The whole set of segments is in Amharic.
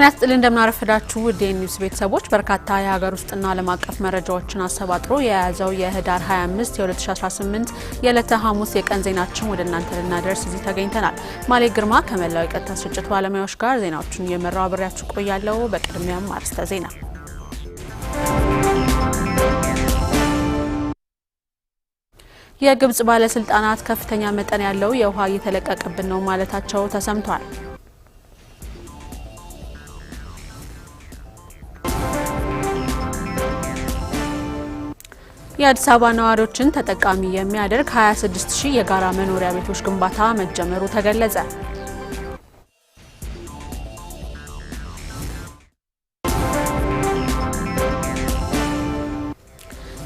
ጤና ስጥል እንደምናረፈዳችሁ ውድ የኒውስ ቤተሰቦች በርካታ የሀገር ውስጥና ዓለም አቀፍ መረጃዎችን አሰባጥሮ የያዘው የህዳር 25 የ2018 የዕለተ ሐሙስ የቀን ዜናችን ወደ እናንተ ልናደርስ እዚህ ተገኝተናል። ማሌ ግርማ ከመላው የቀጥታ ስርጭት ባለሙያዎች ጋር ዜናዎቹን እየመራው አብሬያችሁ ቆያለው በቅድሚያም አርዕስተ ዜና የግብጽ ባለስልጣናት ከፍተኛ መጠን ያለው የውሃ እየተለቀቀብን ነው ማለታቸው ተሰምቷል። የአዲስ አበባ ነዋሪዎችን ተጠቃሚ የሚያደርግ 26 ሺህ የጋራ መኖሪያ ቤቶች ግንባታ መጀመሩ ተገለጸ።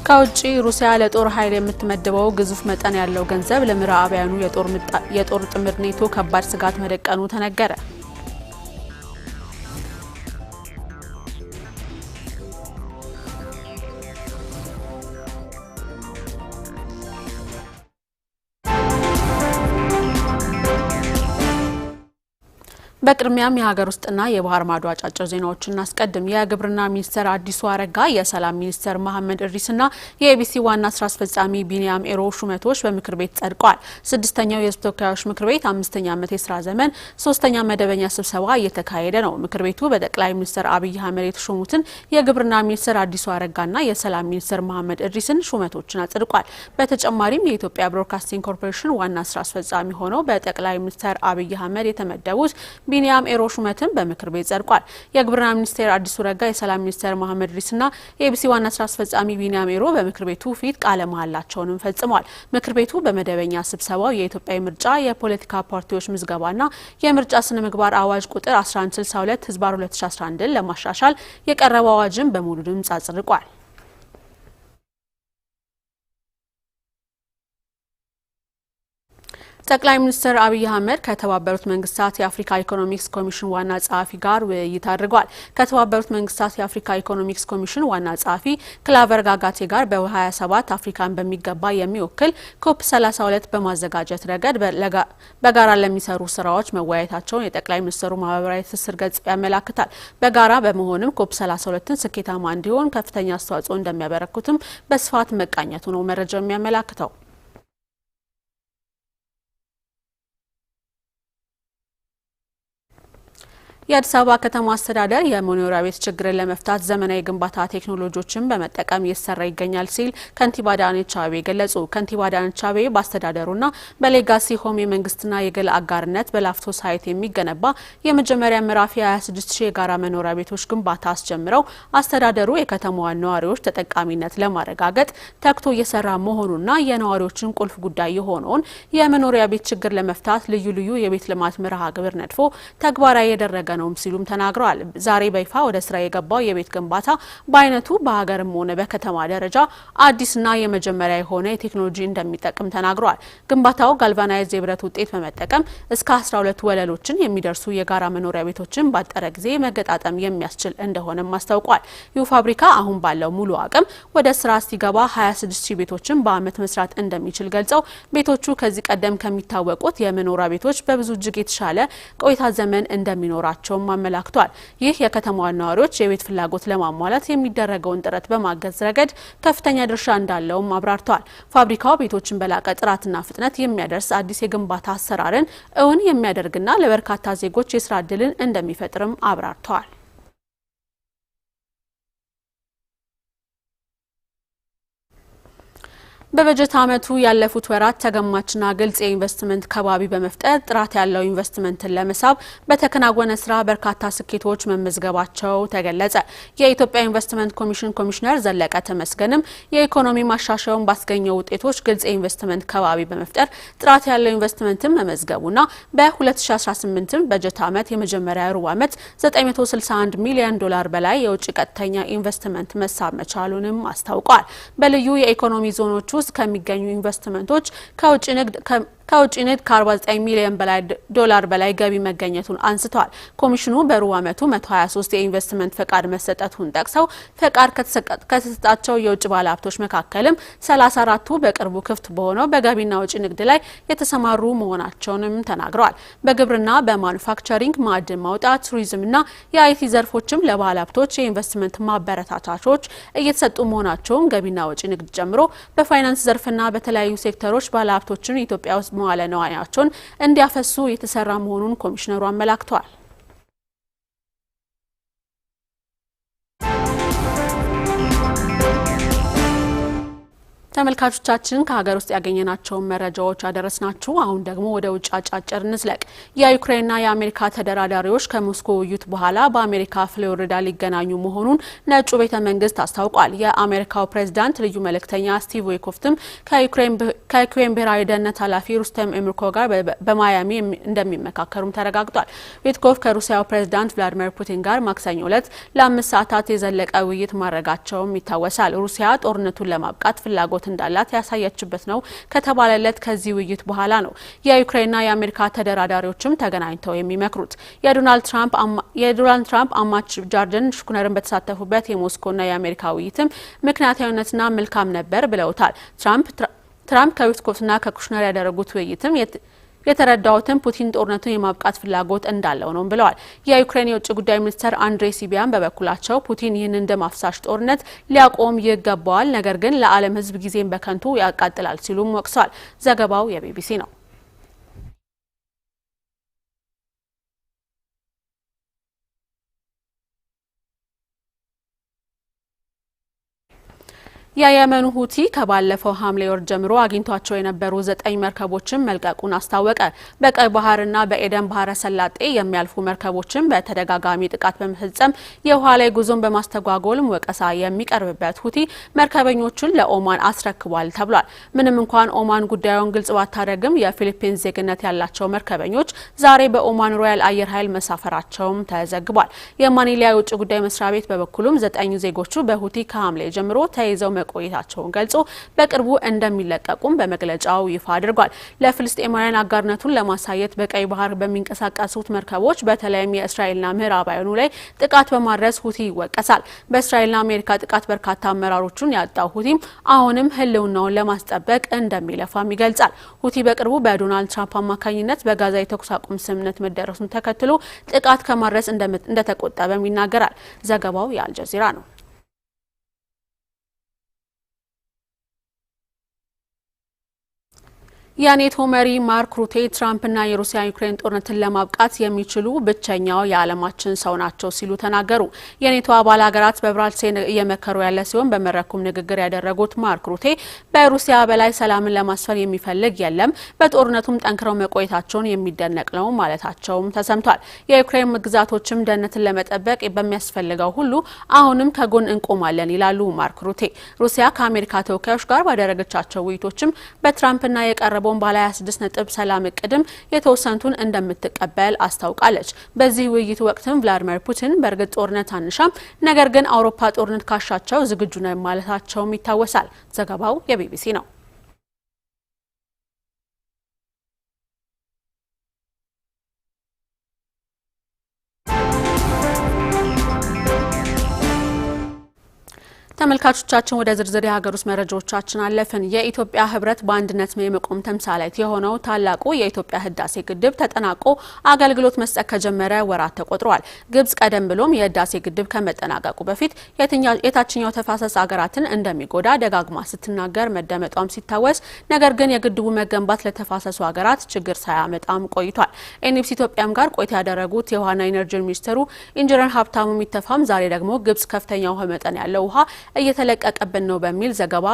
ከውጭ ሩሲያ ለጦር ኃይል የምትመድበው ግዙፍ መጠን ያለው ገንዘብ ለምዕራባውያኑ የጦር ጥምር ኔቶ ከባድ ስጋት መደቀኑ ተነገረ። በቅድሚያም የሀገር ውስጥና የባህር ማዶ አጫጭር ዜናዎችን እናስቀድም። የግብርና ሚኒስትር አዲሱ አረጋ፣ የሰላም ሚኒስተር መሐመድ እድሪስና የኤቢሲ ዋና ስራ አስፈጻሚ ቢኒያም ኤሮ ሹመቶች በምክር ቤት ጸድቋል። ስድስተኛው የህዝብ ተወካዮች ምክር ቤት አምስተኛ ዓመት የስራ ዘመን ሶስተኛ መደበኛ ስብሰባ እየተካሄደ ነው። ምክር ቤቱ በጠቅላይ ሚኒስትር አብይ አህመድ የተሾሙትን የግብርና ሚኒስተር አዲሱ አረጋና የሰላም ሚኒስተር መሐመድ እድሪስን ሹመቶችን አጽድቋል። በተጨማሪም የኢትዮጵያ ብሮድካስቲንግ ኮርፖሬሽን ዋና ስራ አስፈጻሚ ሆነው በጠቅላይ ሚኒስትር አብይ አህመድ የተመደቡት ቢኒያም ኤሮ ሹመትን በምክር ቤት ጸድቋል። የግብርና ሚኒስቴር አዲሱ ረጋ፣ የሰላም ሚኒስቴር መሐመድ ሪስና የኤቢሲ ዋና ስራ አስፈጻሚ ቢኒያም ኤሮ በምክር ቤቱ ፊት ቃለ መሀላቸውንም ፈጽሟል። ምክር ቤቱ በመደበኛ ስብሰባው የኢትዮጵያ ምርጫ የፖለቲካ ፓርቲዎች ምዝገባና የምርጫ ስነ ምግባር አዋጅ ቁጥር 1162 ህዝባር 2011 ለማሻሻል የቀረበው አዋጅን በሙሉ ድምጽ አጽድቋል። ጠቅላይ ሚኒስትር አብይ አህመድ ከተባበሩት መንግስታት የአፍሪካ ኢኮኖሚክስ ኮሚሽን ዋና ጸሐፊ ጋር ውይይት አድርጓል። ከተባበሩት መንግስታት የአፍሪካ ኢኮኖሚክስ ኮሚሽን ዋና ጸሐፊ ክላቨር ጋጋቴ ጋር በ27 አፍሪካን በሚገባ የሚወክል ኮፕ 32 በማዘጋጀት ረገድ በጋራ ለሚሰሩ ስራዎች መወያየታቸውን የጠቅላይ ሚኒስትሩ ማህበራዊ ትስስር ገጽ ያመላክታል። በጋራ በመሆንም ኮፕ 32ን ስኬታማ እንዲሆን ከፍተኛ አስተዋጽኦ እንደሚያበረክቱም በስፋት መቃኘቱ ነው መረጃው የሚያመላክተው። የአዲስ አበባ ከተማ አስተዳደር የመኖሪያ ቤት ችግርን ለመፍታት ዘመናዊ ግንባታ ቴክኖሎጂዎችን በመጠቀም እየተሰራ ይገኛል ሲል ከንቲባ አዳነች አቤቤ ገለጹ። ከንቲባ አዳነች አቤቤ በአስተዳደሩና በሌጋሲ ሆም የመንግስትና የግል አጋርነት በላፍቶ ሳይት የሚገነባ የመጀመሪያ ምዕራፍ የ26 ሺህ የጋራ መኖሪያ ቤቶች ግንባታ አስጀምረው አስተዳደሩ የከተማዋን ነዋሪዎች ተጠቃሚነት ለማረጋገጥ ተግቶ እየሰራ መሆኑና የነዋሪዎችን ቁልፍ ጉዳይ የሆነውን የመኖሪያ ቤት ችግር ለመፍታት ልዩ ልዩ የቤት ልማት መርሃ ግብር ነድፎ ተግባራዊ የደረገ ነውም ሲሉም ተናግረዋል። ዛሬ በይፋ ወደ ስራ የገባው የቤት ግንባታ በአይነቱ በሀገርም ሆነ በከተማ ደረጃ አዲስና የመጀመሪያ የሆነ የቴክኖሎጂ እንደሚጠቅም ተናግረዋል። ግንባታው ጋልቫናይዝ የብረት ውጤት በመጠቀም እስከ 12 ወለሎችን የሚደርሱ የጋራ መኖሪያ ቤቶችን ባጠረ ጊዜ መገጣጠም የሚያስችል እንደሆነም አስታውቋል። ይህ ፋብሪካ አሁን ባለው ሙሉ አቅም ወደ ስራ ሲገባ 26 ሺህ ቤቶችን በአመት መስራት እንደሚችል ገልጸው ቤቶቹ ከዚህ ቀደም ከሚታወቁት የመኖሪያ ቤቶች በብዙ እጅግ የተሻለ ቆይታ ዘመን እንደሚኖራቸው መሆናቸውም አመላክቷል። ይህ የከተማዋ ነዋሪዎች የቤት ፍላጎት ለማሟላት የሚደረገውን ጥረት በማገዝ ረገድ ከፍተኛ ድርሻ እንዳለውም አብራርተዋል። ፋብሪካው ቤቶችን በላቀ ጥራትና ፍጥነት የሚያደርስ አዲስ የግንባታ አሰራርን እውን የሚያደርግና ለበርካታ ዜጎች የስራ እድልን እንደሚፈጥርም አብራርተዋል። በበጀት ዓመቱ ያለፉት ወራት ተገማችና ግልጽ የኢንቨስትመንት ከባቢ በመፍጠር ጥራት ያለው ኢንቨስትመንትን ለመሳብ በተከናወነ ስራ በርካታ ስኬቶች መመዝገባቸው ተገለጸ። የኢትዮጵያ ኢንቨስትመንት ኮሚሽን ኮሚሽነር ዘለቀ ተመስገንም የኢኮኖሚ ማሻሻያውን ባስገኘው ውጤቶች ግልጽ የኢንቨስትመንት ከባቢ በመፍጠር ጥራት ያለው ኢንቨስትመንትን መመዝገቡና በ2018 በጀት ዓመት የመጀመሪያ ሩብ ዓመት 961 ሚሊዮን ዶላር በላይ የውጭ ቀጥተኛ ኢንቨስትመንት መሳብ መቻሉንም አስታውቋል። በልዩ የኢኮኖሚ ዞኖቹ ውስጥ ከሚገኙ ኢንቨስትመንቶች ከውጭ ንግድ ከውጭ ንግድ ከ49 ሚሊዮን ዶላር በላይ ገቢ መገኘቱን አንስተዋል። ኮሚሽኑ በሩብ ዓመቱ 123 የኢንቨስትመንት ፈቃድ መሰጠቱን ጠቅሰው ፈቃድ ከተሰጣቸው የውጭ ባለሀብቶች መካከልም 34ቱ በቅርቡ ክፍት በሆነው በገቢና ውጭ ንግድ ላይ የተሰማሩ መሆናቸውንም ተናግረዋል። በግብርና፣ በማኑፋክቸሪንግ፣ ማዕድን ማውጣት፣ ቱሪዝምና የአይቲ ዘርፎችም ለባለሀብቶች የኢንቨስትመንት ማበረታቻቾች እየተሰጡ መሆናቸውን ገቢና ውጭ ንግድ ጨምሮ በፋይናንስ ዘርፍና በተለያዩ ሴክተሮች ባለሀብቶችን ኢትዮጵያ ውስጥ መዋለ ነዋያቸውን እንዲያፈሱ የተሰራ መሆኑን ኮሚሽነሩ አመላክተዋል። ተመልካቾቻችን ከሀገር ውስጥ ያገኘናቸውን መረጃዎች ያደረስናችሁ፣ አሁን ደግሞ ወደ ውጭ አጫጭር እንዝለቅ። የዩክሬንና የአሜሪካ ተደራዳሪዎች ከሞስኮ ውይይት በኋላ በአሜሪካ ፍሎሪዳ ሊገናኙ መሆኑን ነጩ ቤተ መንግስት አስታውቋል። የአሜሪካው ፕሬዚዳንት ልዩ መልእክተኛ ስቲቭ ዌኮፍትም ከዩክሬን ብሔራዊ ደህንነት ኃላፊ ሩስተም ኤምርኮ ጋር በማያሚ እንደሚመካከሩም ተረጋግጧል። ዌትኮፍ ከሩሲያው ፕሬዚዳንት ቭላዲሚር ፑቲን ጋር ማክሰኞ ዕለት ለአምስት ሰዓታት የዘለቀ ውይይት ማድረጋቸውም ይታወሳል። ሩሲያ ጦርነቱን ለማብቃት ፍላጎት ፍላጎት እንዳላት ያሳየችበት ነው ከተባለለት ከዚህ ውይይት በኋላ ነው የዩክሬንና የአሜሪካ ተደራዳሪዎችም ተገናኝተው የሚመክሩት። የዶናልድ ትራምፕ አማች ጃርደን ሽኩነርን በተሳተፉበት የሞስኮና የአሜሪካ ውይይትም ምክንያታዊነትና መልካም ነበር ብለውታል። ትራምፕ ከዊትኮፍና ከኩሽነር ያደረጉት ውይይትም የተረዳውትን ፑቲን ጦርነቱን የማብቃት ፍላጎት እንዳለው ነው ብለዋል። የዩክሬን የውጭ ጉዳይ ሚኒስትር አንድሬ ሲቢያን በበኩላቸው ፑቲን ይህንን ደም አፍሳሽ ጦርነት ሊያቆም ይገባዋል፣ ነገር ግን ለዓለም ሕዝብ ጊዜን በከንቱ ያቃጥላል ሲሉም ወቅሰዋል። ዘገባው የቢቢሲ ነው። የየመኑ ሁቲ ከባለፈው ሐምሌ ወር ጀምሮ አግኝቷቸው የነበሩ ዘጠኝ መርከቦችን መልቀቁን አስታወቀ። በቀይ ባህርና በኤደን ባህረ ሰላጤ የሚያልፉ መርከቦችን በተደጋጋሚ ጥቃት በመፈጸም የውሃ ላይ ጉዞን በማስተጓጎልም ወቀሳ የሚቀርብበት ሁቲ መርከበኞቹን ለኦማን አስረክቧል ተብሏል። ምንም እንኳን ኦማን ጉዳዩን ግልጽ ባታደርግም የፊሊፒንስ ዜግነት ያላቸው መርከበኞች ዛሬ በኦማን ሮያል አየር ኃይል መሳፈራቸውም ተዘግቧል። የማኒሊያ የውጭ ጉዳይ መስሪያ ቤት በበኩሉም ዘጠኙ ዜጎቹ በሁቲ ከሐምሌ ጀምሮ ተይዘው መቆየታቸውን ገልጾ በቅርቡ እንደሚለቀቁም በመግለጫው ይፋ አድርጓል። ለፍልስጤማውያን አጋርነቱን ለማሳየት በቀይ ባህር በሚንቀሳቀሱት መርከቦች በተለይም የእስራኤልና ምዕራባውያኑ ላይ ጥቃት በማድረስ ሁቲ ይወቀሳል። በእስራኤልና አሜሪካ ጥቃት በርካታ አመራሮቹን ያጣው ሁቲም አሁንም ህልውናውን ለማስጠበቅ እንደሚለፋም ይገልጻል። ሁቲ በቅርቡ በዶናልድ ትራምፕ አማካኝነት በጋዛ የተኩስ አቁም ስምምነት መደረሱን ተከትሎ ጥቃት ከማድረስ እንደተቆጠበም ይናገራል። ዘገባው የአልጀዚራ ነው። የኔቶ መሪ ማርክ ሩቴ ትራምፕና የሩሲያ ዩክሬን ጦርነትን ለማብቃት የሚችሉ ብቸኛው የዓለማችን ሰው ናቸው ሲሉ ተናገሩ። የኔቶ አባል ሀገራት በብራልሴ እየመከሩ ያለ ሲሆን በመድረኩም ንግግር ያደረጉት ማርክ ሩቴ በሩሲያ በላይ ሰላምን ለማስፈን የሚፈልግ የለም፣ በጦርነቱም ጠንክረው መቆየታቸውን የሚደነቅ ነው ማለታቸውም ተሰምቷል። የዩክሬን ግዛቶችም ደህንነትን ለመጠበቅ በሚያስፈልገው ሁሉ አሁንም ከጎን እንቆማለን ይላሉ ማርክ ሩቴ። ሩሲያ ከአሜሪካ ተወካዮች ጋር ባደረገቻቸው ውይይቶችም በትራምፕና የቀረ ቦምባላ 26 ነጥብ ሰላም እቅድም የተወሰኑትን እንደምትቀበል አስታውቃለች። በዚህ ውይይት ወቅትም ቭላዲሚር ፑቲን በእርግጥ ጦርነት አንሻም፣ ነገር ግን አውሮፓ ጦርነት ካሻቸው ዝግጁ ነው ማለታቸውም ይታወሳል። ዘገባው የቢቢሲ ነው። ተመልካቾቻችን ወደ ዝርዝር የሀገር ውስጥ መረጃዎቻችን አለፍን። የኢትዮጵያ ህብረት በአንድነት የመቆም ተምሳሌት የሆነው ታላቁ የኢትዮጵያ ህዳሴ ግድብ ተጠናቆ አገልግሎት መስጠት ከጀመረ ወራት ተቆጥሯል። ግብጽ ቀደም ብሎም የህዳሴ ግድብ ከመጠናቀቁ በፊት የታችኛው ተፋሰስ ሀገራትን እንደሚጎዳ ደጋግማ ስትናገር መደመጧም ሲታወስ፣ ነገር ግን የግድቡ መገንባት ለተፋሰሱ ሀገራት ችግር ሳያመጣም ቆይቷል። ኤንቢሲ ኢትዮጵያም ጋር ቆይታ ያደረጉት የውሃና ኢነርጂ ሚኒስትሩ ኢንጂነር ሀብታሙ ሚተፋም ዛሬ ደግሞ ግብጽ ከፍተኛ ውሃ መጠን ያለው ውሃ እየተለቀቀብን ነው በሚል ዘገባ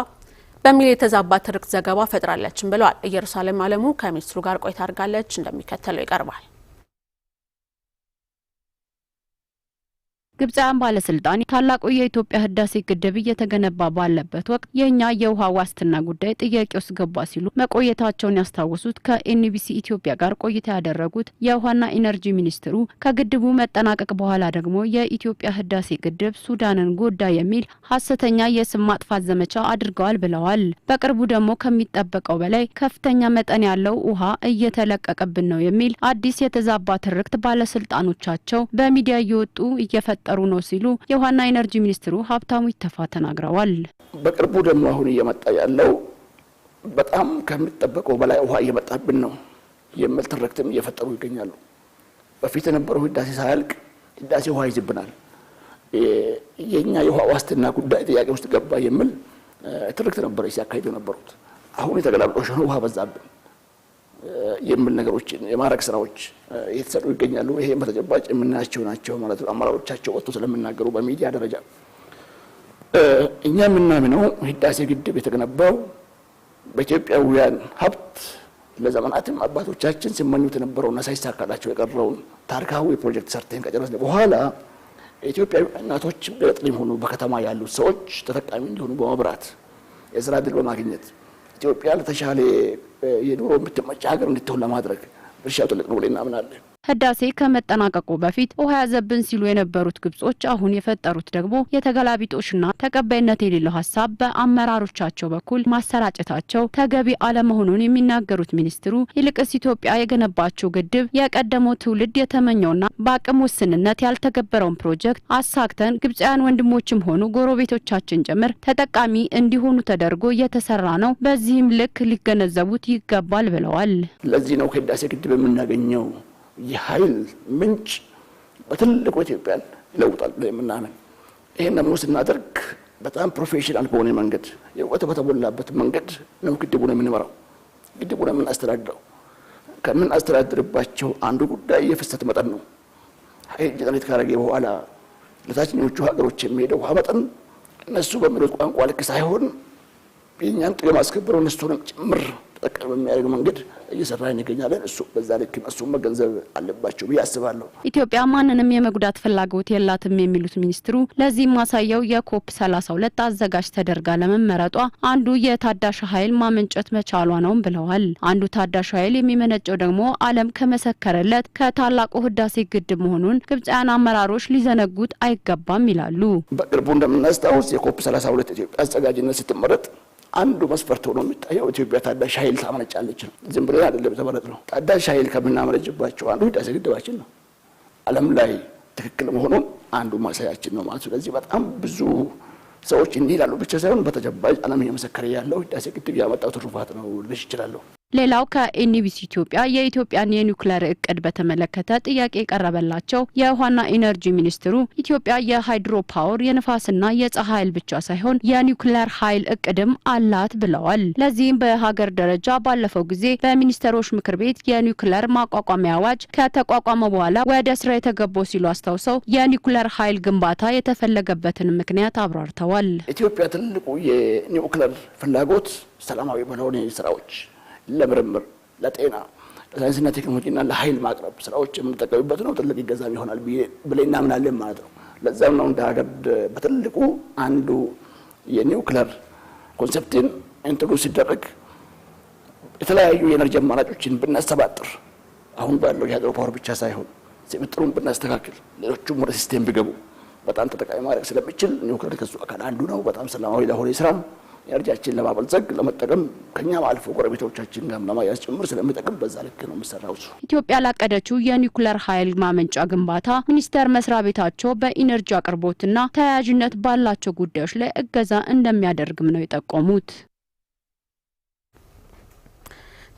በሚል የተዛባ ትርክት ዘገባ ፈጥራለችን ብለዋል። ኢየሩሳሌም አለሙ ከሚኒስትሩ ጋር ቆይታ አድርጋለች። እንደሚከተለው ይቀርባል። ግብፃውያን ባለስልጣን ታላቁ የኢትዮጵያ ህዳሴ ግድብ እየተገነባ ባለበት ወቅት የእኛ የውሃ ዋስትና ጉዳይ ጥያቄ ውስጥ ገባ ሲሉ መቆየታቸውን ያስታወሱት ከኤንቢሲ ኢትዮጵያ ጋር ቆይታ ያደረጉት የውሃና ኢነርጂ ሚኒስትሩ ከግድቡ መጠናቀቅ በኋላ ደግሞ የኢትዮጵያ ህዳሴ ግድብ ሱዳንን ጎዳ የሚል ሀሰተኛ የስም ማጥፋት ዘመቻ አድርገዋል ብለዋል። በቅርቡ ደግሞ ከሚጠበቀው በላይ ከፍተኛ መጠን ያለው ውሃ እየተለቀቀብን ነው የሚል አዲስ የተዛባ ትርክት ባለስልጣኖቻቸው በሚዲያ እየወጡ እየፈጠ እየፈጠሩ ነው ሲሉ የውሃና ኢነርጂ ሚኒስትሩ ሀብታሙ ይተፋ ተናግረዋል። በቅርቡ ደግሞ አሁን እየመጣ ያለው በጣም ከሚጠበቀው በላይ ውሃ እየመጣብን ነው የሚል ትርክትም እየፈጠሩ ይገኛሉ። በፊት የነበረው ህዳሴ ሳያልቅ ህዳሴ ውሃ ይዝብናል፣ የእኛ የውሃ ዋስትና ጉዳይ ጥያቄ ውስጥ ገባ የሚል ትርክት ነበረ ሲያካሂዱ የነበሩት። አሁን የተገላብጦሽ ውሃ በዛብን። የሚል ነገሮች የማድረግ ስራዎች እየተሰሩ ይገኛሉ። ይሄም በተጨባጭ የምናያቸው ናቸው ማለት ነው። አመራሮቻቸው ወጥቶ ስለምናገሩ በሚዲያ ደረጃ እኛ የምናምነው ህዳሴ ግድብ የተገነባው በኢትዮጵያውያን ሀብት ለዘመናትም አባቶቻችን ሲመኙት የነበረውና ሳይሳካላቸው የቀረውን ታሪካዊ ፕሮጀክት ሰርተን ከጨረስን በኋላ የኢትዮጵያ እናቶች ገጠር ሆኑ በከተማ ያሉት ሰዎች ተጠቃሚ እንዲሆኑ በመብራት የስራ እድል በማግኘት ኢትዮጵያ ለተሻለ የድሮ የምትመጫ ሀገር እንድትሆን ለማድረግ እርሻ ትልቅ ነው ብለን እናምናለን። ህዳሴ ከመጠናቀቁ በፊት ውሃ ያዘብን ሲሉ የነበሩት ግብጾች አሁን የፈጠሩት ደግሞ የተገላቢጦሽና ተቀባይነት የሌለው ሀሳብ በአመራሮቻቸው በኩል ማሰራጨታቸው ተገቢ አለመሆኑን የሚናገሩት ሚኒስትሩ ይልቅስ ኢትዮጵያ የገነባቸው ግድብ የቀደመው ትውልድ የተመኘውና በአቅም ውስንነት ያልተገበረውን ፕሮጀክት አሳክተን ግብጻውያን ወንድሞችም ሆኑ ጎረቤቶቻችን ጭምር ተጠቃሚ እንዲሆኑ ተደርጎ የተሰራ ነው። በዚህም ልክ ሊገነዘቡት ይገባል ብለዋል። ለዚህ ነው ከህዳሴ ግድብ የምናገኘው የኃይል ምንጭ በትልቁ ኢትዮጵያን ይለውጣል ብለን የምናምን ይህን ደግሞ ስናደርግ በጣም ፕሮፌሽናል በሆነ መንገድ የእውቀት በተሞላበት መንገድ ነው ግድቡን የምንመራው፣ ግድቡን የምናስተዳድረው። ከምናስተዳድርባቸው አንዱ ጉዳይ የፍሰት መጠን ነው። ኃይል ጀነሬት ካረገ በኋላ ለታችኞቹ ሀገሮች የሚሄደው ውሃ መጠን እነሱ በሚሉት ቋንቋ ልክ ሳይሆን የእኛን ጥቅም አስከብረው እነሱንም ጭምር ጠቃሚ የሚያደርግ መንገድ እየሰራ እንገኛለን። እሱ በዛ ልክ እሱ መገንዘብ አለባቸው ብዬ አስባለሁ። ኢትዮጵያ ማንንም የመጉዳት ፍላጎት የላትም የሚሉት ሚኒስትሩ ለዚህም ማሳያው የኮፕ 32 አዘጋጅ ተደርጋ ለመመረጧ አንዱ የታዳሽ ኃይል ማመንጨት መቻሏ ነው ብለዋል። አንዱ ታዳሽ ኃይል የሚመነጨው ደግሞ ዓለም ከመሰከረለት ከታላቁ ህዳሴ ግድብ መሆኑን ግብፃውያን አመራሮች ሊዘነጉት አይገባም ይላሉ። በቅርቡ እንደምናስታውስ የኮፕ 32 ኢትዮጵያ አዘጋጅነት ስትመረጥ አንዱ መስፈርት ሆኖ የሚታየው ኢትዮጵያ ታዳሽ ኃይል ታመነጫለች ነው። ዝም ብለን አይደለም የተመረጥ ነው። ታዳሽ ኃይል ከምናመነጭባቸው አንዱ ህዳሴ ግድባችን ነው። ዓለም ላይ ትክክል መሆኑን አንዱ ማሳያችን ነው ማለት። ስለዚህ በጣም ብዙ ሰዎች እንዲህ ይላሉ ብቻ ሳይሆን በተጨባጭ ዓለም እየመሰከረ ያለው ህዳሴ ግድብ ያመጣው ትሩፋት ነው ልሽ ይችላለሁ። ሌላው ከኤንቢሲ ኢትዮጵያ የኢትዮጵያን የኒውክሌር እቅድ በተመለከተ ጥያቄ የቀረበላቸው የውሃና ኢነርጂ ሚኒስትሩ ኢትዮጵያ የሃይድሮ ፓወር የንፋስና የፀሐይ ኃይል ብቻ ሳይሆን የኒውክሌር ኃይል እቅድም አላት ብለዋል። ለዚህም በሀገር ደረጃ ባለፈው ጊዜ በሚኒስትሮች ምክር ቤት የኒውክሌር ማቋቋሚያ አዋጅ ከተቋቋመ በኋላ ወደ ስራ የተገባው ሲሉ አስታውሰው የኒውክሌር ኃይል ግንባታ የተፈለገበትን ምክንያት አብራርተዋል። ኢትዮጵያ ትልቁ የኒውክሌር ፍላጎት ሰላማዊ በሆነ ስራዎች ለምርምር፣ ለጤና፣ ለሳይንስና ቴክኖሎጂና ለኃይል ማቅረብ ስራዎች የምንጠቀምበት ነው። ትልቅ ይገዛም ይሆናል ብለን እናምናለን ማለት ነው። ለዛም ነው እንደ ሀገር በትልቁ አንዱ የኒውክለር ኮንሰፕትን ኢንትሮዱስ ሲደረግ የተለያዩ የኤነርጂ አማራጮችን ብናስተባጥር አሁን ባለው የሀገር ፓወር ብቻ ሳይሆን ስብጥሩን ብናስተካክል ሌሎቹም ወደ ሲስቴም ቢገቡ በጣም ተጠቃሚ ማድረግ ስለሚችል ኒውክለር ከሱ አካል አንዱ ነው። በጣም ሰላማዊ ለሆነ ስራም ኤነርጂያችን ለማበልጸግ ለመጠቀም ከኛም አልፎ ጎረቤቶቻችን ጋር ለማያዝ ጭምር ስለሚጠቅም በዛ ልክ ነው የምሰራው። ኢትዮጵያ ላቀደችው የኒኩለር ኃይል ማመንጫ ግንባታ ሚኒስቴር መስሪያ ቤታቸው በኢነርጂ አቅርቦትና ተያያዥነት ባላቸው ጉዳዮች ላይ እገዛ እንደሚያደርግም ነው የጠቆሙት።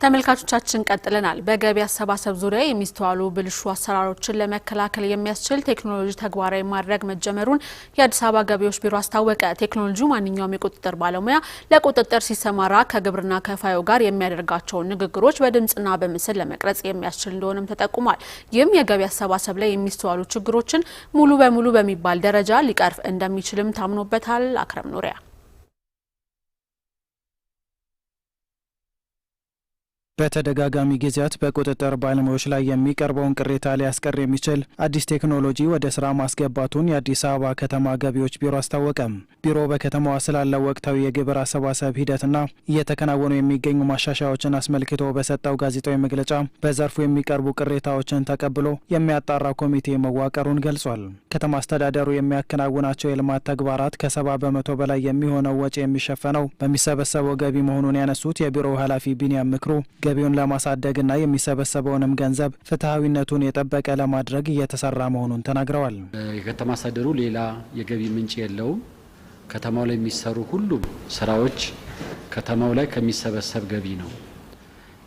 ተመልካቾቻችን ቀጥለናል። በገቢ አሰባሰብ ዙሪያ የሚስተዋሉ ብልሹ አሰራሮችን ለመከላከል የሚያስችል ቴክኖሎጂ ተግባራዊ ማድረግ መጀመሩን የአዲስ አበባ ገቢዎች ቢሮ አስታወቀ። ቴክኖሎጂው ማንኛውም የቁጥጥር ባለሙያ ለቁጥጥር ሲሰማራ ከግብርና ከፋዩ ጋር የሚያደርጋቸውን ንግግሮች በድምፅና በምስል ለመቅረጽ የሚያስችል እንደሆነም ተጠቁሟል። ይህም የገቢ አሰባሰብ ላይ የሚስተዋሉ ችግሮችን ሙሉ በሙሉ በሚባል ደረጃ ሊቀርፍ እንደሚችልም ታምኖበታል። አክረም ኑሪያ በተደጋጋሚ ጊዜያት በቁጥጥር ባለሙያዎች ላይ የሚቀርበውን ቅሬታ ሊያስቀር የሚችል አዲስ ቴክኖሎጂ ወደ ስራ ማስገባቱን የአዲስ አበባ ከተማ ገቢዎች ቢሮ አስታወቀም። ቢሮ በከተማዋ ስላለው ወቅታዊ የግብር አሰባሰብ ሂደትና እየተከናወኑ የሚገኙ ማሻሻያዎችን አስመልክቶ በሰጠው ጋዜጣዊ መግለጫ በዘርፉ የሚቀርቡ ቅሬታዎችን ተቀብሎ የሚያጣራ ኮሚቴ መዋቀሩን ገልጿል። ከተማ አስተዳደሩ የሚያከናውናቸው የልማት ተግባራት ከሰባ በመቶ በላይ የሚሆነው ወጪ የሚሸፈነው በሚሰበሰበው ገቢ መሆኑን ያነሱት የቢሮው ኃላፊ ቢኒያም ምክሩ ገቢውን ለማሳደግና የሚሰበሰበውንም ገንዘብ ፍትሐዊነቱን የጠበቀ ለማድረግ እየተሰራ መሆኑን ተናግረዋል። የከተማ አስተዳደሩ ሌላ የገቢ ምንጭ የለውም። ከተማው ላይ የሚሰሩ ሁሉም ስራዎች ከተማው ላይ ከሚሰበሰብ ገቢ ነው።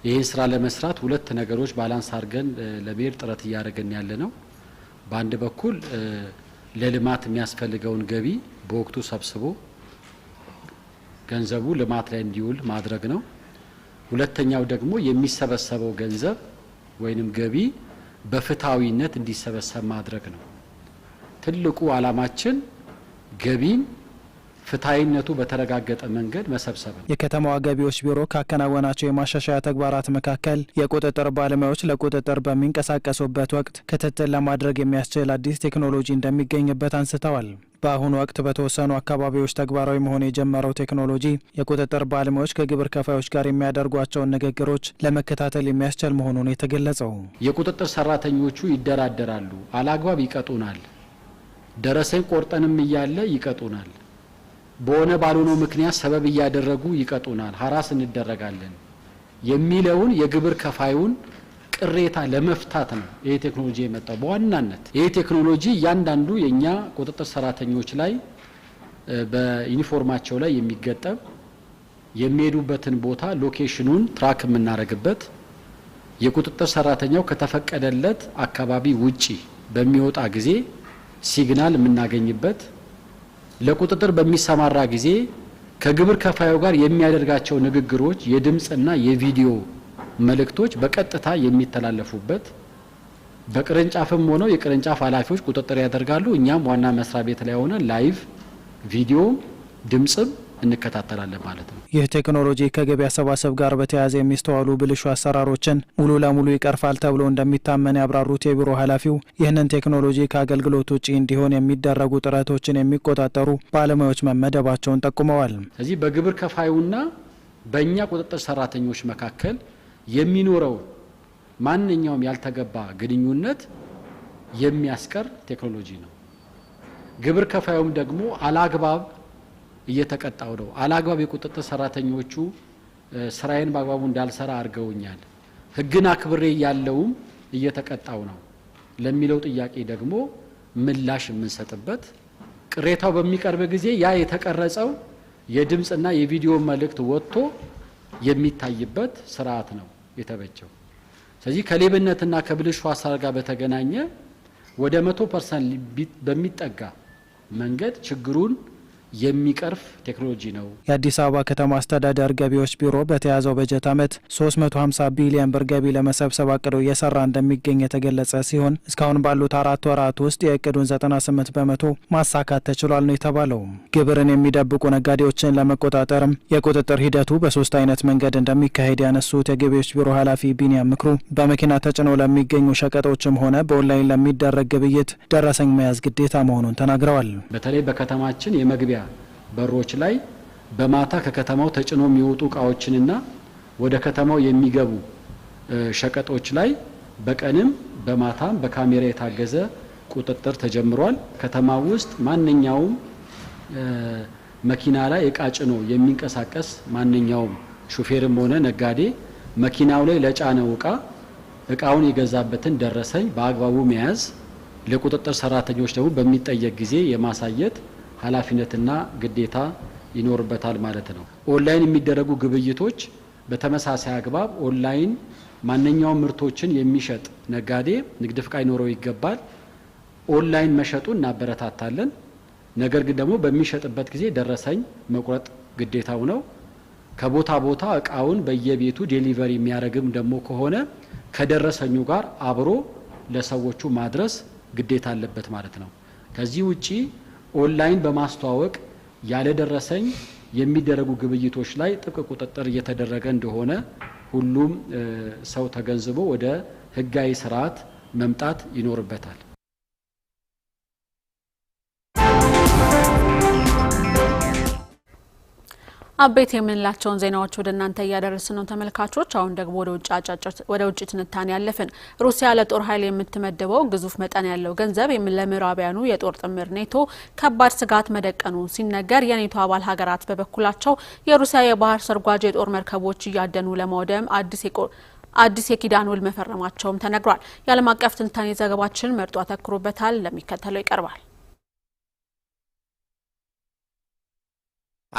ይህን ስራ ለመስራት ሁለት ነገሮች ባላንስ አድርገን ለመሄድ ጥረት እያደረገን ያለ ነው። በአንድ በኩል ለልማት የሚያስፈልገውን ገቢ በወቅቱ ሰብስቦ ገንዘቡ ልማት ላይ እንዲውል ማድረግ ነው። ሁለተኛው ደግሞ የሚሰበሰበው ገንዘብ ወይንም ገቢ በፍትሐዊነት እንዲሰበሰብ ማድረግ ነው። ትልቁ ዓላማችን ገቢን ፍትሐዊነቱ በተረጋገጠ መንገድ መሰብሰብ ነው። የከተማዋ ገቢዎች ቢሮ ካከናወናቸው የማሻሻያ ተግባራት መካከል የቁጥጥር ባለሙያዎች ለቁጥጥር በሚንቀሳቀሱበት ወቅት ክትትል ለማድረግ የሚያስችል አዲስ ቴክኖሎጂ እንደሚገኝበት አንስተዋል። በአሁኑ ወቅት በተወሰኑ አካባቢዎች ተግባራዊ መሆን የጀመረው ቴክኖሎጂ የቁጥጥር ባለሙያዎች ከግብር ከፋዮች ጋር የሚያደርጓቸውን ንግግሮች ለመከታተል የሚያስችል መሆኑን የተገለጸው የቁጥጥር ሰራተኞቹ ይደራደራሉ፣ አላግባብ ይቀጡናል፣ ደረሰኝ ቆርጠንም እያለ ይቀጡናል በሆነ ባልሆነ ምክንያት ሰበብ እያደረጉ ይቀጡናል፣ ሀራስ እንደረጋለን የሚለውን የግብር ከፋዩን ቅሬታ ለመፍታት ነው ይሄ ቴክኖሎጂ የመጣው በዋናነት። ይሄ ቴክኖሎጂ እያንዳንዱ የእኛ ቁጥጥር ሰራተኞች ላይ በዩኒፎርማቸው ላይ የሚገጠም የሚሄዱበትን ቦታ ሎኬሽኑን ትራክ የምናደርግበት የቁጥጥር ሰራተኛው ከተፈቀደለት አካባቢ ውጪ በሚወጣ ጊዜ ሲግናል የምናገኝበት ለቁጥጥር በሚሰማራ ጊዜ ከግብር ከፋዩ ጋር የሚያደርጋቸው ንግግሮች የድምፅና የቪዲዮ መልእክቶች በቀጥታ የሚተላለፉበት በቅርንጫፍም ሆነው የቅርንጫፍ ኃላፊዎች ቁጥጥር ያደርጋሉ። እኛም ዋና መስሪያ ቤት ላይ ሆነ ላይቭ ቪዲዮም ድምፅም እንከታተላለን ማለት ነው። ይህ ቴክኖሎጂ ከገቢያ አሰባሰብ ጋር በተያያዘ የሚስተዋሉ ብልሹ አሰራሮችን ሙሉ ለሙሉ ይቀርፋል ተብሎ እንደሚታመን ያብራሩት የቢሮ ኃላፊው ይህንን ቴክኖሎጂ ከአገልግሎት ውጪ እንዲሆን የሚደረጉ ጥረቶችን የሚቆጣጠሩ ባለሙያዎች መመደባቸውን ጠቁመዋል። ስለዚህ በግብር ከፋዩና በእኛ ቁጥጥር ሰራተኞች መካከል የሚኖረው ማንኛውም ያልተገባ ግንኙነት የሚያስቀር ቴክኖሎጂ ነው። ግብር ከፋዩም ደግሞ አላግባብ እየተቀጣው ነው። አላግባብ የቁጥጥር ሰራተኞቹ ስራዬን በአግባቡ እንዳልሰራ አድርገውኛል፣ ህግን አክብሬ ያለውም እየተቀጣው ነው ለሚለው ጥያቄ ደግሞ ምላሽ የምንሰጥበት ቅሬታው በሚቀርብ ጊዜ ያ የተቀረጸው የድምፅና የቪዲዮ መልእክት ወጥቶ የሚታይበት ስርዓት ነው። የተበጀው። ስለዚህ ከሌብነትና ከብልሹ አሰራር ጋር በተገናኘ ወደ መቶ ፐርሰንት በሚጠጋ መንገድ ችግሩን የሚቀርፍ ቴክኖሎጂ ነው። የአዲስ አበባ ከተማ አስተዳደር ገቢዎች ቢሮ በተያዘው በጀት ዓመት 350 ቢሊዮን ብር ገቢ ለመሰብሰብ አቅዶ እየሰራ እንደሚገኝ የተገለጸ ሲሆን እስካሁን ባሉት አራት ወራት ውስጥ የእቅዱን 98 በመቶ ማሳካት ተችሏል ነው የተባለው። ግብርን የሚደብቁ ነጋዴዎችን ለመቆጣጠርም የቁጥጥር ሂደቱ በሶስት አይነት መንገድ እንደሚካሄድ ያነሱት የገቢዎች ቢሮ ኃላፊ ቢኒያም ምክሩ በመኪና ተጭኖ ለሚገኙ ሸቀጦችም ሆነ በኦንላይን ለሚደረግ ግብይት ደረሰኝ መያዝ ግዴታ መሆኑን ተናግረዋል። በተለይ በከተማችን የመግቢያ በሮች ላይ በማታ ከከተማው ተጭኖ የሚወጡ እቃዎችንና ወደ ከተማው የሚገቡ ሸቀጦች ላይ በቀንም በማታም በካሜራ የታገዘ ቁጥጥር ተጀምሯል። ከተማ ውስጥ ማንኛውም መኪና ላይ እቃ ጭኖ የሚንቀሳቀስ ማንኛውም ሹፌርም ሆነ ነጋዴ መኪናው ላይ ለጫነው እቃ እቃውን የገዛበትን ደረሰኝ በአግባቡ መያዝ ለቁጥጥር ሰራተኞች ደግሞ በሚጠየቅ ጊዜ የማሳየት ኃላፊነትና ግዴታ ይኖርበታል ማለት ነው። ኦንላይን የሚደረጉ ግብይቶች በተመሳሳይ አግባብ ኦንላይን ማንኛውም ምርቶችን የሚሸጥ ነጋዴ ንግድ ፍቃድ ይኖረው ይገባል። ኦንላይን መሸጡ እናበረታታለን። ነገር ግን ደግሞ በሚሸጥበት ጊዜ ደረሰኝ መቁረጥ ግዴታው ነው። ከቦታ ቦታ እቃውን በየቤቱ ዴሊቨሪ የሚያደርግም ደግሞ ከሆነ ከደረሰኙ ጋር አብሮ ለሰዎቹ ማድረስ ግዴታ አለበት ማለት ነው። ከዚህ ውጪ ኦንላይን በማስተዋወቅ ያለደረሰኝ የሚደረጉ ግብይቶች ላይ ጥብቅ ቁጥጥር እየተደረገ እንደሆነ ሁሉም ሰው ተገንዝቦ ወደ ህጋዊ ስርዓት መምጣት ይኖርበታል። አቤት የምንላቸውን ዜናዎች ወደ እናንተ እያደረስን ነው ተመልካቾች። አሁን ደግሞ ወደ ውጭ ትንታኔ ያለፍን። ሩሲያ ለጦር ኃይል የምትመድበው ግዙፍ መጠን ያለው ገንዘብ ለምዕራቢያኑ የጦር ጥምር ኔቶ ከባድ ስጋት መደቀኑ ሲነገር፣ የኔቶ አባል ሀገራት በበኩላቸው የሩሲያ የባህር ሰርጓጅ የጦር መርከቦች እያደኑ ለማውደም አዲስ አዲስ የኪዳን ውል መፈረማቸውም ተነግሯል። የዓለም አቀፍ ትንታኔ ዘገባችን መርጦ አተክሮበታል። ለሚከተለው ይቀርባል።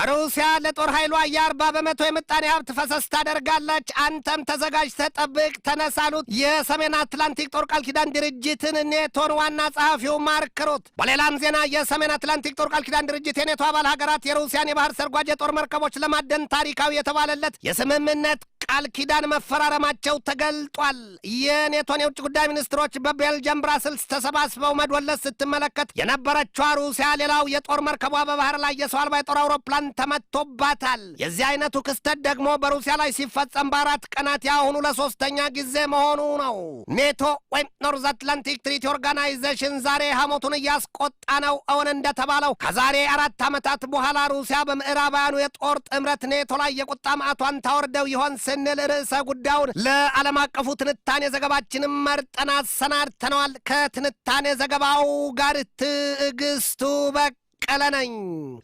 ሩሲያ ለጦር ኃይሏ የአርባ በመቶ የምጣኔ ሀብት ፈሰስ ታደርጋለች። አንተም ተዘጋጅ ተጠብቅ ተነሳሉት የሰሜን አትላንቲክ ጦር ቃል ኪዳን ድርጅትን ኔቶን ዋና ጸሐፊው ማርክ ሩት። በሌላም ዜና የሰሜን አትላንቲክ ጦር ቃል ኪዳን ድርጅት የኔቶ አባል ሀገራት የሩሲያን የባህር ሰርጓጅ የጦር መርከቦች ለማደን ታሪካዊ የተባለለት የስምምነት ቃል ኪዳን መፈራረማቸው ተገልጧል። የኔቶን የውጭ ጉዳይ ሚኒስትሮች በቤልጅየም ብራስልስ ተሰባስበው መድወለስ ስትመለከት የነበረችዋ ሩሲያ ሌላው የጦር መርከቧ በባህር ላይ የሰው አልባ የጦር አውሮፕላን ተመቶባታል። የዚህ አይነቱ ክስተት ደግሞ በሩሲያ ላይ ሲፈጸም በአራት ቀናት የአሁኑ ለሶስተኛ ጊዜ መሆኑ ነው። ኔቶ ወይም ኖርዝ አትላንቲክ ትሪቲ ኦርጋናይዜሽን ዛሬ ሐሞቱን እያስቆጣ ነው። እውን እንደተባለው ከዛሬ አራት ዓመታት በኋላ ሩሲያ በምዕራባውያኑ የጦር ጥምረት ኔቶ ላይ የቁጣ ማዕቷን ታወርደው ይሆን ስ ሰንል ርዕሰ ጉዳዩን ለዓለም አቀፉ ትንታኔ ዘገባችንም መርጠን አሰናድተነዋል። ከትንታኔ ዘገባው ጋር ትዕግስቱ በቅ በቀለ ነኝ።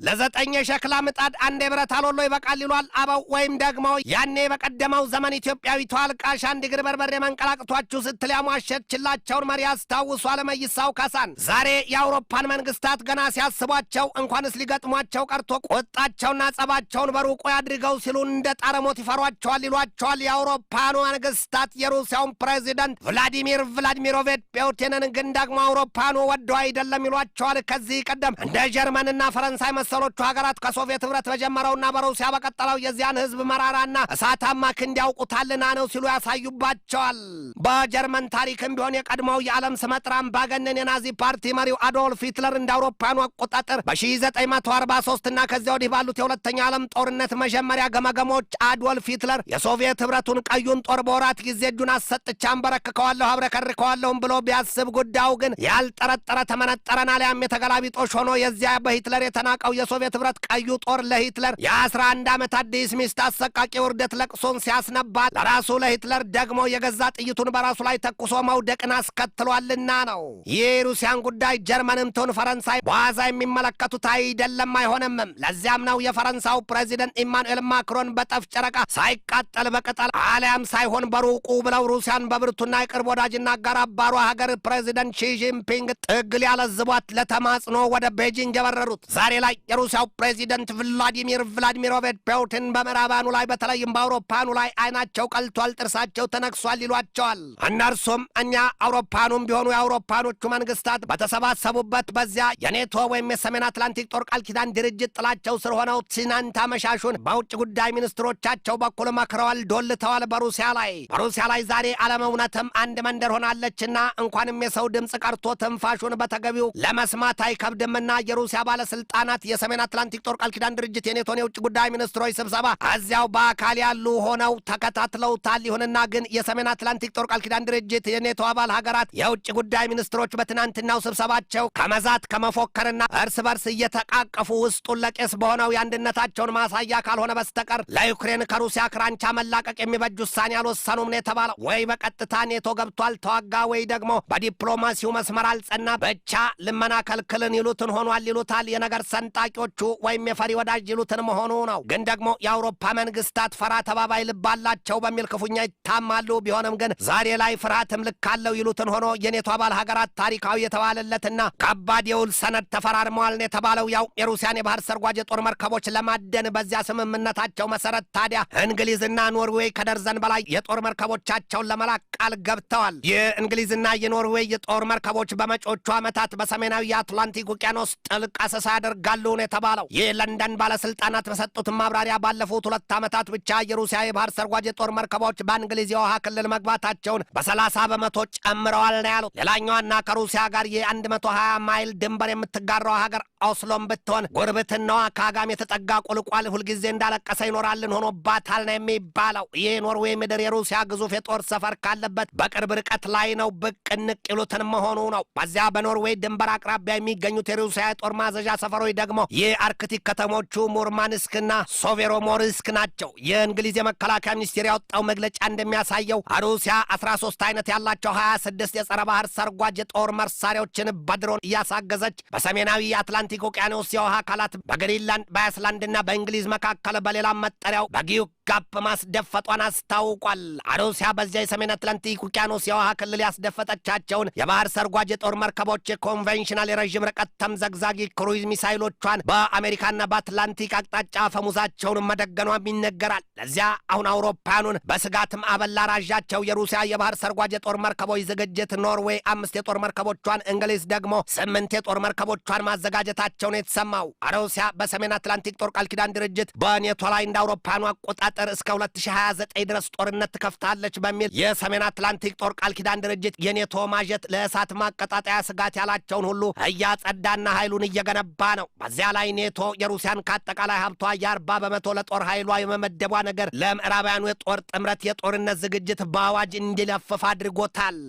ለዘጠኝ የሸክላ ምጣድ አንድ የብረት አሎሎ ይበቃል ይሏል አበው። ወይም ደግሞ ያኔ በቀደመው ዘመን ኢትዮጵያዊቷ አልቃሽ አንድ እግር በርበሬ መንቀላቅቷችሁ ስትል ያሟሸችላቸውን መሪ አስታውሱ አለመይሳው ካሳን ዛሬ የአውሮፓን መንግስታት ገና ሲያስቧቸው እንኳንስ ሊገጥሟቸው ቀርቶ ቆጣቸውና ጸባቸውን በሩቁ አድርገው ሲሉ እንደ ጣረሞት ይፈሯቸዋል ይሏቸዋል። የአውሮፓኑ መንግስታት የሩሲያውን ፕሬዚደንት ቭላዲሚር ቭላዲሚሮቪች ፑቲንን ግን ደግሞ አውሮፓኑ ወዶ አይደለም ይሏቸዋል። ከዚህ ቀደም እንደ ጀር ጀርመንና ፈረንሳይ መሰሎቹ ሀገራት ከሶቪየት ህብረት በጀመረውና በሩሲያ በቀጠለው የዚያን ህዝብ መራራና እሳታማ ክንድ ያውቁታልና ነው ሲሉ ያሳዩባቸዋል። በጀርመን ታሪክም ቢሆን የቀድሞው የዓለም ስመጥር አምባገነን የናዚ ፓርቲ መሪው አዶልፍ ሂትለር እንደ አውሮፓውያኑ አቆጣጠር በ1943 እና ከዚያ ወዲህ ባሉት የሁለተኛው ዓለም ጦርነት መጀመሪያ ገመገሞች አዶልፍ ሂትለር የሶቪየት ህብረቱን ቀዩን ጦር በወራት ጊዜ እጁን አሰጥቼ አንበረክከዋለሁ አብረከርከዋለሁም ብሎ ቢያስብ ጉዳዩ ግን ያልጠረጠረ ተመነጠረና ሊያም የተገላቢጦሽ ሆኖ የዚያ በሂትለር የተናቀው የሶቪየት ህብረት ቀዩ ጦር ለሂትለር የአስራ አንድ ዓመት አዲስ ሚስት አሰቃቂ ውርደት ለቅሶን ሲያስነባ ለራሱ ለሂትለር ደግሞ የገዛ ጥይቱን በራሱ ላይ ተኩሶ መውደቅን አስከትሏልና ነው። ይህ ሩሲያን ጉዳይ ጀርመንም ትሁን ፈረንሳይ በዋዛ የሚመለከቱት አይደለም አይሆንምም። ለዚያም ነው የፈረንሳው ፕሬዚደንት ኢማኑኤል ማክሮን በጠፍ ጨረቃ ሳይቃጠል በቅጠል አሊያም ሳይሆን በሩቁ ብለው ሩሲያን በብርቱና የቅርብ ወዳጅና አጋር አባሯ ሀገር ፕሬዚደንት ሺጂንፒንግ ጥግል ያለዝቧት ለተማጽኖ ወደ ቤጂንግ የበረሩት። ዛሬ ላይ የሩሲያው ፕሬዚደንት ቭላዲሚር ቭላዲሚሮቪች ፑቲን በምዕራባኑ ላይ በተለይም በአውሮፓኑ ላይ አይናቸው ቀልቷል፣ ጥርሳቸው ተነክሷል ይሏቸዋል። እነርሱም እኛ አውሮፓኑም ቢሆኑ የአውሮፓኖቹ መንግስታት በተሰባሰቡበት በዚያ የኔቶ ወይም የሰሜን አትላንቲክ ጦር ቃል ኪዳን ድርጅት ጥላቸው ስር ሆነው ትናንት አመሻሹን በውጭ ጉዳይ ሚኒስትሮቻቸው በኩል መክረዋል፣ ዶልተዋል በሩሲያ ላይ በሩሲያ ላይ ዛሬ ዓለም እውነትም አንድ መንደር ሆናለችና እንኳንም የሰው ድምፅ ቀርቶ ትንፋሹን በተገቢው ለመስማት አይከብድምና የሩ የሩሲያ ባለስልጣናት፣ የሰሜን አትላንቲክ ጦር ቃል ኪዳን ድርጅት፣ የኔቶን የውጭ ጉዳይ ሚኒስትሮች ስብሰባ እዚያው በአካል ያሉ ሆነው ተከታትለውታል። ይሁንና ግን የሰሜን አትላንቲክ ጦር ቃል ኪዳን ድርጅት፣ የኔቶ አባል ሀገራት የውጭ ጉዳይ ሚኒስትሮች በትናንትናው ስብሰባቸው ከመዛት ከመፎከርና እርስ በርስ እየተቃቀፉ ውስጡን ለቄስ በሆነው የአንድነታቸውን ማሳያ ካልሆነ በስተቀር ለዩክሬን ከሩሲያ ክራንቻ መላቀቅ የሚበጅ ውሳኔ አልወሰኑም ነው የተባለው። ወይ በቀጥታ ኔቶ ገብቷል ተዋጋ፣ ወይ ደግሞ በዲፕሎማሲው መስመር አልጸና ብቻ ልመና ከልክልን ይሉትን ሆኗል ይሉ ይሉታል የነገር ሰንጣቂዎቹ ወይም የፈሪ ወዳጅ ይሉትን መሆኑ ነው። ግን ደግሞ የአውሮፓ መንግስታት ፈራ ተባባይ ልባላቸው በሚል ክፉኛ ይታማሉ። ቢሆንም ግን ዛሬ ላይ ፍርሃትም ልካለው አለው ይሉትን ሆኖ የኔቶ አባል ሀገራት ታሪካዊ የተባለለትና ከባድ የውል ሰነድ ተፈራርመዋል ነው የተባለው። ያው የሩሲያን የባህር ሰርጓጅ የጦር መርከቦች ለማደን በዚያ ስምምነታቸው መሰረት ታዲያ እንግሊዝና ኖርዌይ ከደርዘን በላይ የጦር መርከቦቻቸውን ለመላክ ቃል ገብተዋል። የእንግሊዝና የኖርዌይ የጦር መርከቦች በመጪዎቹ ዓመታት በሰሜናዊ የአትላንቲክ ውቅያኖስ ጥልቅ ጥብቅ አሰሳ አደርጋለሁ ነው የተባለው። የለንደን ባለስልጣናት በሰጡት ማብራሪያ ባለፉት ሁለት ዓመታት ብቻ የሩሲያ የባህር ሰርጓጅ የጦር መርከቦች በእንግሊዝ የውሃ ክልል መግባታቸውን በሰላሳ በመቶ ጨምረዋል ነው ያሉት። ሌላኛዋና ከሩሲያ ጋር የ120 ማይል ድንበር የምትጋራው ሀገር ኦስሎም ብትሆን ጉርብትናዋ ከአጋም የተጠጋ ቁልቋል ሁልጊዜ እንዳለቀሰ ይኖራልን ሆኖባታል ነው የሚባለው። ይህ ኖርዌይ ምድር የሩሲያ ግዙፍ የጦር ሰፈር ካለበት በቅርብ ርቀት ላይ ነው ብቅ ንቅ ይሉትን መሆኑ ነው። በዚያ በኖርዌይ ድንበር አቅራቢያ የሚገኙት የሩሲያ የጦር ማዘዣ ሰፈሮች ደግሞ የአርክቲክ ከተሞቹ ሙርማንስክና ሶቬሮሞርስክ ናቸው። የእንግሊዝ የመከላከያ ሚኒስቴር ያወጣው መግለጫ እንደሚያሳየው ሩሲያ 13 አይነት ያላቸው 26 የጸረ ባህር ሰርጓጅ የጦር መሳሪያዎችን በድሮን እያሳገዘች በሰሜናዊ የአትላንቲክ ውቅያኖስ የውሃ አካላት በግሪንላንድ በአይስላንድና በእንግሊዝ መካከል በሌላም መጠሪያው በጊዩክ ጋፕ ማስደፈጧን አስታውቋል። አሩሲያ በዚያ የሰሜን አትላንቲክ ውቅያኖስ የውሃ ክልል ያስደፈጠቻቸውን የባህር ሰርጓጅ የጦር መርከቦች፣ የኮንቬንሽናል የረዥም ርቀት ተምዘግዛጊ ክሩይዝ ሚሳይሎቿን በአሜሪካና በአትላንቲክ አቅጣጫ ፈሙዛቸውን መደገኗም ይነገራል። ለዚያ አሁን አውሮፓውያኑን በስጋትም አበላ ራዣቸው የሩሲያ የባህር ሰርጓጅ የጦር መርከቦች ዝግጅት ኖርዌይ አምስት የጦር መርከቦቿን እንግሊዝ ደግሞ ስምንት የጦር መርከቦቿን ማዘጋጀታቸውን የተሰማው አሩሲያ በሰሜን አትላንቲክ ጦር ቃል ኪዳን ድርጅት በኔቶ ላይ እንደ አውሮፓውያኑ አቆጣጠር በመፍጠር እስከ 2029 ድረስ ጦርነት ትከፍታለች በሚል የሰሜን አትላንቲክ ጦር ቃል ኪዳን ድርጅት የኔቶ ማጀት ለእሳት ማቀጣጠያ ስጋት ያላቸውን ሁሉ እያጸዳና ኃይሉን እየገነባ ነው። በዚያ ላይ ኔቶ የሩሲያን ከአጠቃላይ ሀብቷ የአርባ በመቶ ለጦር ኃይሏ የመመደቧ ነገር ለምዕራባውያኑ የጦር ጥምረት የጦርነት ዝግጅት በአዋጅ እንዲለፍፍ አድርጎታል።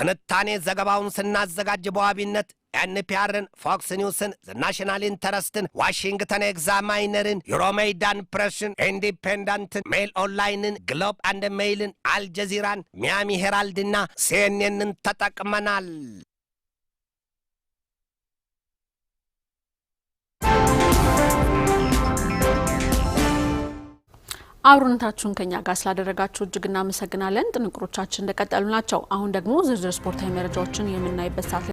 ትንታኔ ዘገባውን ስናዘጋጅ በዋቢነት ኤንፒአርን፣ ፎክስ ኒውስን፣ ናሽናል ኢንተረስትን፣ ዋሽንግተን ኤግዛማይነርን፣ ዩሮሜይዳን ፕሬስን፣ ኢንዲፔንደንትን፣ ሜል ኦንላይንን፣ ግሎብ አንድ ሜይልን፣ አልጀዚራን፣ ሚያሚ ሄራልድና ሲኤንኤንን ተጠቅመናል። አብሮነታችሁን ከኛ ጋር ስላደረጋችሁ እጅግ እናመሰግናለን። ጥንቅሮቻችን እንደቀጠሉ ናቸው። አሁን ደግሞ ዝርዝር ስፖርታዊ መረጃዎችን የምናይበት ሰት